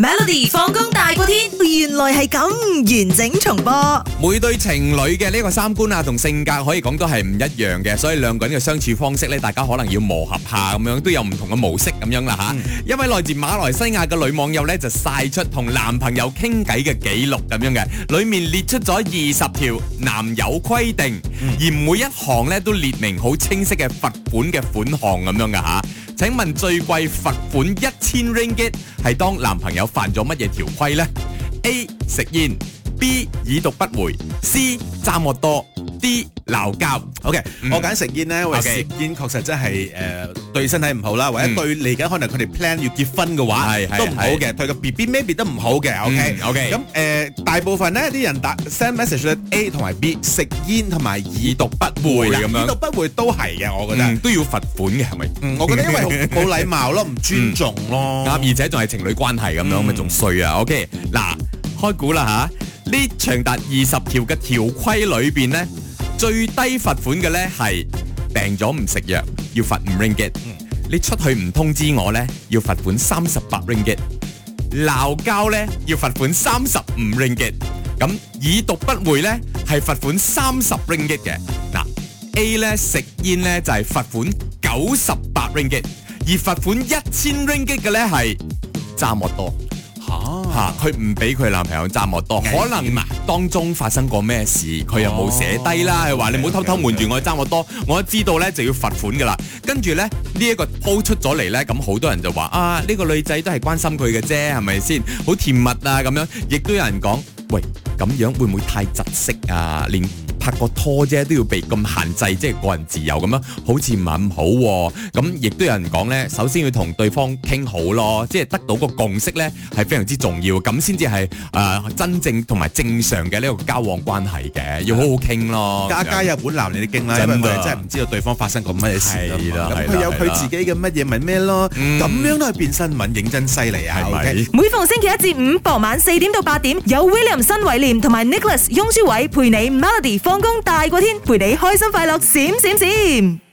Melody 放工大過天，原來係咁完整重播。每對情侶嘅呢個三觀啊同性格可以講都係唔一樣嘅，所以兩個人嘅相處方式呢，大家可能要磨合下咁樣，都有唔同嘅模式咁樣啦吓。一位，嗯、來自馬來西亞嘅女網友呢，就晒出同男朋友傾偈嘅記錄咁樣嘅，裏面列出咗二十條男友規定，嗯、而每一行呢，都列明好清晰嘅罰款嘅款項咁樣嘅吓。嗯請問最貴罰款一千 ringgit 係當男朋友犯咗乜嘢條規呢？A 食煙，B 已讀不回，C 揸摩多。啲鬧交，OK，我揀食煙咧，或者食煙確實真係誒對身體唔好啦，或者對嚟緊可能佢哋 plan 要結婚嘅話，都唔好嘅，對個 B B maybe 都唔好嘅，OK，OK，咁誒大部分呢啲人打 send message A 同埋 B 食煙同埋已讀不回咁樣，已讀不回都係嘅，我覺得都要罰款嘅，係咪？我覺得因為冇禮貌咯，唔尊重咯，而且仲係情侶關係咁樣，咪仲衰啊，OK，嗱，開估啦嚇，呢長達二十條嘅條規裏邊呢。最低罰款嘅咧係病咗唔食藥要罰五 ringgit，、嗯、你出去唔通知我咧要罰款三十八 ringgit，鬧交咧要罰款三十五 ringgit，咁已讀不回咧係罰款三十 ringgit 嘅。嗱，A 咧食煙咧就係、是、罰款九十八 ringgit，而罰款一千 ringgit 嘅咧係揸莫多。吓佢唔俾佢男朋友揸摩多，啊、可能當中發生過咩事，佢又冇寫低啦。佢話、啊、你唔好偷偷瞞住我揸摩多，啊、okay, okay, okay. 我一知道咧就要罰款噶啦。跟住咧呢一、這個 po 出咗嚟咧，咁好多人就話啊呢、這個女仔都係關心佢嘅啫，係咪先？好甜蜜啊咁樣，亦都有人講，喂咁樣會唔會太窒息啊？拍個拖啫都要被咁限制，即係個人自由咁樣，好似唔係咁好喎。咁亦都有人講咧，首先要同對方傾好咯，即係得到個共識咧，係非常之重要，咁先至係誒真正同埋正常嘅呢個交往關係嘅，要好好傾咯。家家有本難念嘅經啦，因為真係唔知道對方發生過乜嘢事啦。咁佢有佢自己嘅乜嘢咪咩咯？咁樣都係變新聞，認真犀利啊！每逢星期一至五傍晚四點到八點，有 William 新偉廉同埋 Nicholas 翁書偉陪你 Melody。放工大過天，陪你開心快樂閃閃閃，閃閃閃。